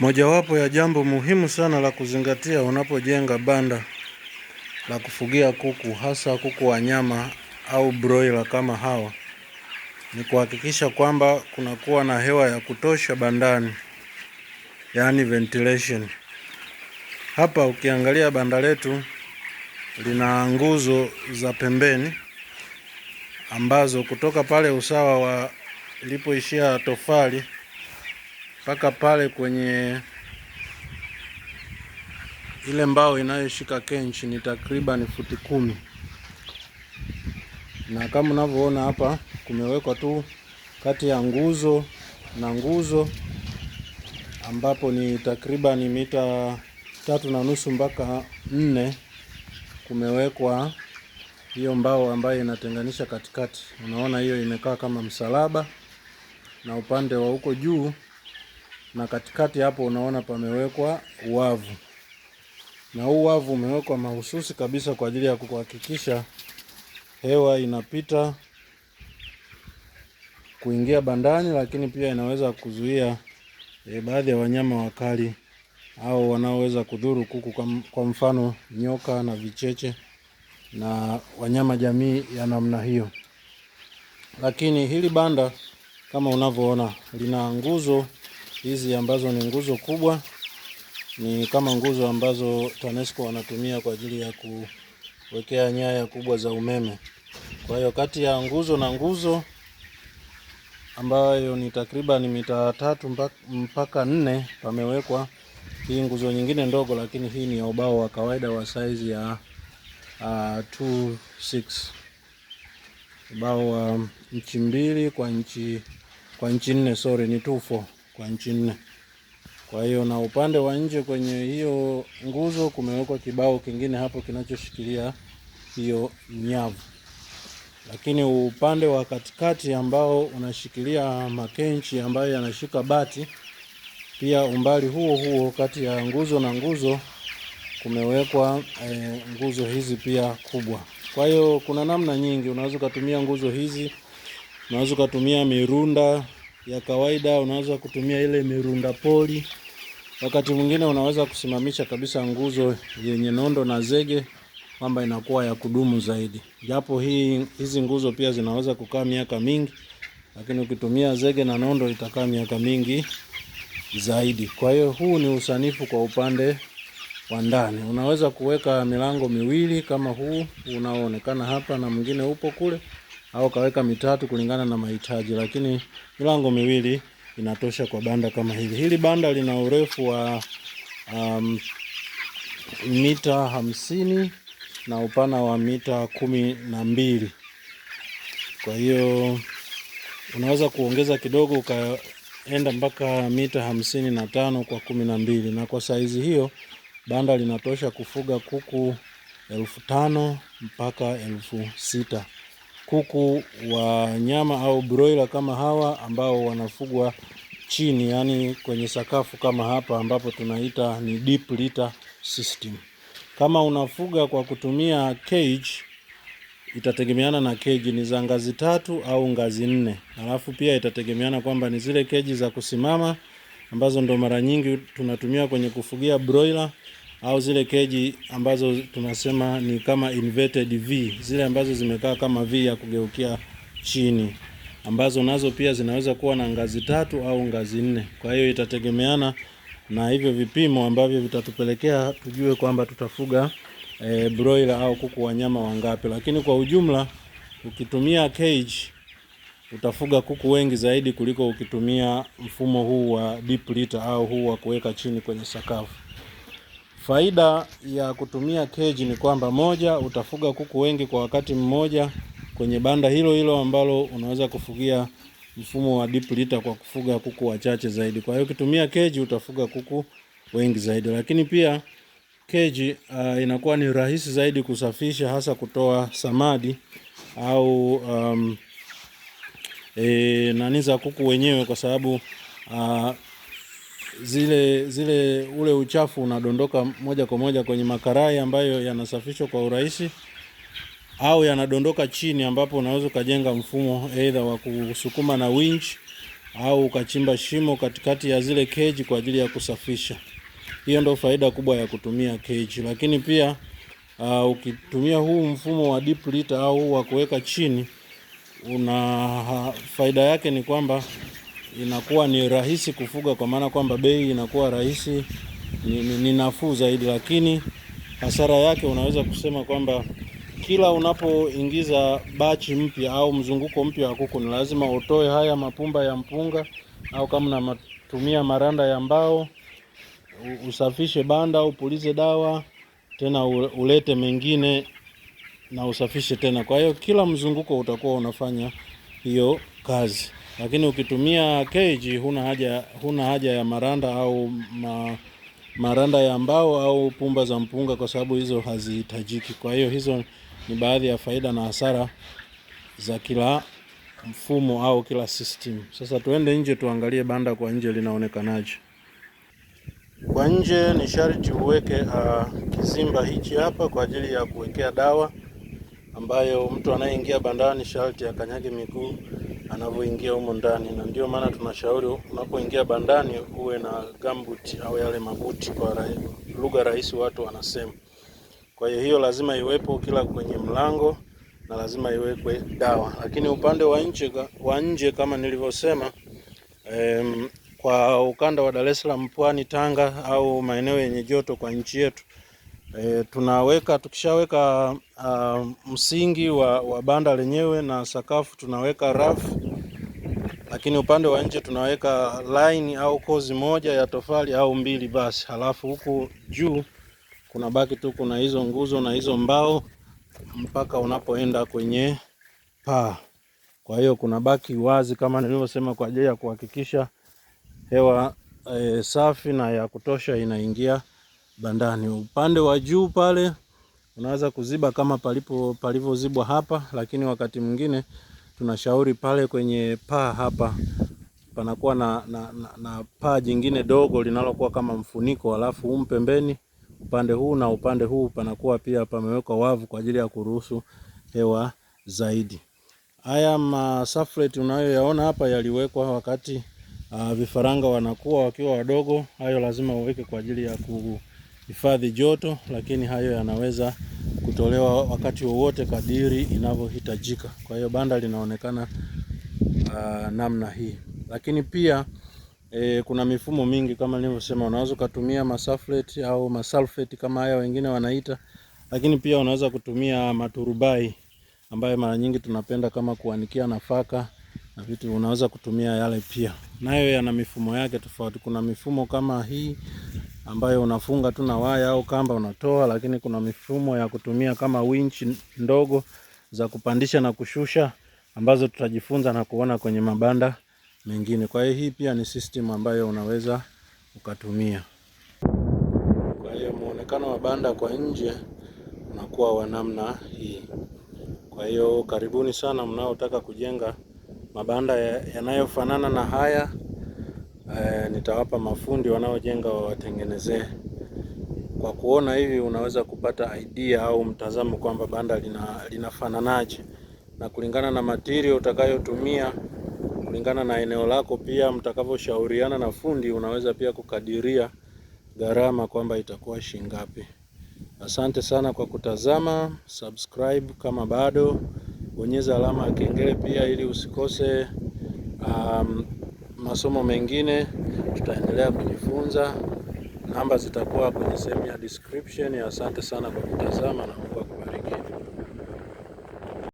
Mojawapo ya jambo muhimu sana la kuzingatia unapojenga banda la kufugia kuku, hasa kuku wa nyama au broiler kama hawa, ni kuhakikisha kwamba kunakuwa na hewa ya kutosha bandani, yaani ventilation. Hapa ukiangalia banda letu lina nguzo za pembeni ambazo kutoka pale usawa wa ilipoishia tofali mpaka pale kwenye ile mbao inayoshika kenchi ni takriban futi kumi, na kama unavyoona hapa kumewekwa tu kati ya nguzo na nguzo, ambapo ni takriban mita tatu na nusu mpaka nne kumewekwa hiyo mbao ambayo inatenganisha katikati. Unaona hiyo imekaa kama msalaba, na upande wa huko juu na katikati hapo unaona pamewekwa wavu, na huu wavu umewekwa mahususi kabisa kwa ajili ya kuhakikisha hewa inapita kuingia bandani, lakini pia inaweza kuzuia e, baadhi ya wanyama wakali au wanaoweza kudhuru kuku, kwa mfano nyoka na vicheche na wanyama jamii ya namna hiyo. Lakini hili banda kama unavyoona lina nguzo hizi ambazo ni nguzo kubwa, ni kama nguzo ambazo TANESCO wanatumia kwa ajili ya kuwekea nyaya kubwa za umeme. Kwa hiyo kati ya nguzo na nguzo ambayo ni takriban mita tatu mpaka nne pamewekwa hii nguzo nyingine ndogo, lakini hii ni ya ubao wa kawaida wa saizi ya 26 ah, ubao wa nchi mbili kwa nchi kwa nchi nne, sorry ni 24 kwa nchi nne. Kwa hiyo na upande wa nje kwenye hiyo nguzo kumewekwa kibao kingine hapo kinachoshikilia hiyo nyavu, lakini upande wa katikati ambao unashikilia makenchi ambayo yanashika bati, pia umbali huo huo kati ya nguzo na nguzo kumewekwa e, nguzo hizi pia kubwa. Kwa hiyo kuna namna nyingi, unaweza ukatumia nguzo hizi, unaweza ukatumia mirunda ya kawaida, unaweza kutumia ile mirunda poli. Wakati mwingine unaweza kusimamisha kabisa nguzo yenye nondo na zege, kwamba inakuwa ya kudumu zaidi, japo hii hizi nguzo pia zinaweza kukaa miaka mingi, lakini ukitumia zege na nondo itakaa miaka mingi zaidi. Kwa hiyo huu ni usanifu kwa upande wa ndani. Unaweza kuweka milango miwili kama huu unaoonekana hapa na mwingine upo kule au kaweka mitatu kulingana na mahitaji, lakini milango miwili inatosha kwa banda kama hili. Hili banda lina urefu wa um, mita hamsini na upana wa mita kumi na mbili. Kwa hiyo unaweza kuongeza kidogo ukaenda mpaka mita hamsini na tano kwa kumi na mbili, na kwa saizi hiyo banda linatosha kufuga kuku elfu tano mpaka elfu sita kuku wa nyama au broiler kama hawa ambao wanafugwa chini, yani kwenye sakafu kama hapa, ambapo tunaita ni deep litter system. Kama unafuga kwa kutumia cage, itategemeana na cage ni za ngazi tatu au ngazi nne, alafu pia itategemeana kwamba ni zile keji za kusimama ambazo ndo mara nyingi tunatumia kwenye kufugia broiler au zile keji ambazo tunasema ni kama inverted V, zile ambazo zimekaa kama V ya kugeukia chini, ambazo nazo pia zinaweza kuwa na ngazi tatu au ngazi nne. Kwa hiyo itategemeana na hivyo vipimo ambavyo vitatupelekea tujue kwamba tutafuga e, broiler au kuku wanyama wangapi, lakini kwa ujumla ukitumia cage utafuga kuku wengi zaidi kuliko ukitumia mfumo huu wa deep litter au huu wa kuweka chini kwenye sakafu. Faida ya kutumia keji ni kwamba, moja, utafuga kuku wengi kwa wakati mmoja kwenye banda hilo hilo ambalo unaweza kufugia mfumo wa deep litter kwa kufuga kuku wachache zaidi. Kwa hiyo ukitumia keji utafuga kuku wengi zaidi, lakini pia keji uh, inakuwa ni rahisi zaidi kusafisha, hasa kutoa samadi au um, e, nani za kuku wenyewe kwa sababu uh, zile zile ule uchafu unadondoka moja kwa moja kwenye makarai ambayo yanasafishwa kwa urahisi au yanadondoka chini, ambapo unaweza ukajenga mfumo aidha wa kusukuma na winch au ukachimba shimo katikati ya zile keji kwa ajili ya kusafisha. Hiyo ndio faida kubwa ya kutumia keji, lakini pia uh, ukitumia huu mfumo wa deep litter au wa kuweka chini, una faida yake ni kwamba inakuwa ni rahisi kufuga, kwa maana kwamba bei inakuwa rahisi, ni, ni, ni nafuu zaidi, lakini hasara yake unaweza kusema kwamba kila unapoingiza bachi mpya au mzunguko mpya wa kuku ni lazima utoe haya mapumba ya mpunga, au kama unatumia maranda ya mbao usafishe banda, upulize dawa tena, ulete mengine na usafishe tena. Kwa hiyo kila mzunguko utakuwa unafanya hiyo kazi lakini ukitumia cage huna haja, huna haja ya maranda au ma, maranda ya mbao au pumba za mpunga kwa sababu hizo hazihitajiki. Kwa hiyo hizo ni baadhi ya faida na hasara za kila mfumo au kila system. Sasa tuende nje tuangalie banda kwa nje linaonekanaje. Kwa nje ni sharti uweke uh, kizimba hichi hapa kwa ajili ya kuwekea dawa ambayo mtu anayeingia bandani sharti akanyage miguu anavyoingia humo ndani, na ndio maana tunashauri unapoingia bandani uwe na gambuti au yale mabuti, kwa lugha rahisi watu wanasema. Kwa hiyo hiyo lazima iwepo kila kwenye mlango na lazima iwekwe dawa. Lakini upande wa nje wa nje kama nilivyosema, em, kwa ukanda wa Dar es Salaam, Pwani, Tanga au maeneo yenye joto kwa nchi yetu E, tunaweka tukishaweka uh, msingi wa, wa banda lenyewe na sakafu tunaweka rafu, lakini upande wa nje tunaweka line au kozi moja ya tofali au mbili basi, halafu huku juu kuna baki tu kuna hizo nguzo na hizo mbao mpaka unapoenda kwenye paa. Kwa hiyo kuna baki wazi kama nilivyosema kwa ajili ya kuhakikisha hewa e, safi na ya kutosha inaingia bandani. Upande wa juu pale unaweza kuziba kama palipo palivyozibwa hapa, lakini wakati mwingine tunashauri pale kwenye paa hapa panakuwa na, na, na, na paa jingine dogo linalokuwa kama mfuniko, alafu huu pembeni upande huu na upande huu panakuwa pia pamewekwa wavu kwa ajili ya kuruhusu hewa zaidi. Haya masafleti unayoyaona hapa yaliwekwa wakati uh, vifaranga wanakuwa wakiwa wadogo. Hayo lazima uweke kwa ajili ya kuhu, hifadhi joto, lakini hayo yanaweza kutolewa wakati wowote kadiri inavyohitajika. Kwa hiyo banda linaonekana uh, namna hii, lakini pia E, kuna mifumo mingi kama nilivyosema, unaweza ukatumia masulfate au masulfate kama haya wengine wanaita, lakini pia unaweza kutumia maturubai ambayo mara nyingi tunapenda kama kuanikia nafaka na vitu, unaweza kutumia yale pia, nayo yana mifumo yake tofauti. Kuna mifumo kama hii ambayo unafunga tu na waya au kamba unatoa, lakini kuna mifumo ya kutumia kama winch ndogo za kupandisha na kushusha ambazo tutajifunza na kuona kwenye mabanda mengine. Kwa hiyo hii pia ni system ambayo unaweza ukatumia. Kwa hiyo muonekano wa banda kwa nje unakuwa wa namna hii. Kwa hiyo karibuni sana mnaotaka kujenga mabanda yanayofanana na haya e, nitawapa mafundi wanaojenga wawatengenezee. Kwa kuona hivi unaweza kupata idea au mtazamo kwamba banda lina, linafananaje na kulingana na material utakayotumia kulingana na eneo lako, pia mtakavyoshauriana na fundi, unaweza pia kukadiria gharama kwamba itakuwa shingapi. Asante sana kwa kutazama. Subscribe kama bado, bonyeza alama ya kengele pia ili usikose um, masomo mengine tutaendelea kujifunza. Namba zitakuwa kwenye sehemu ya description. Asante sana kwa kutazama na